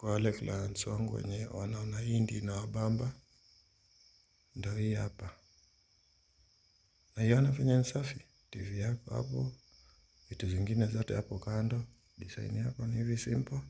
Kwa wale clients wangu wenye wanaona hindi inawabamba ndo hii hapa. Naiona venye ni safi tv yako hapo vitu zingine zote hapo kando design yako ni hivi simple.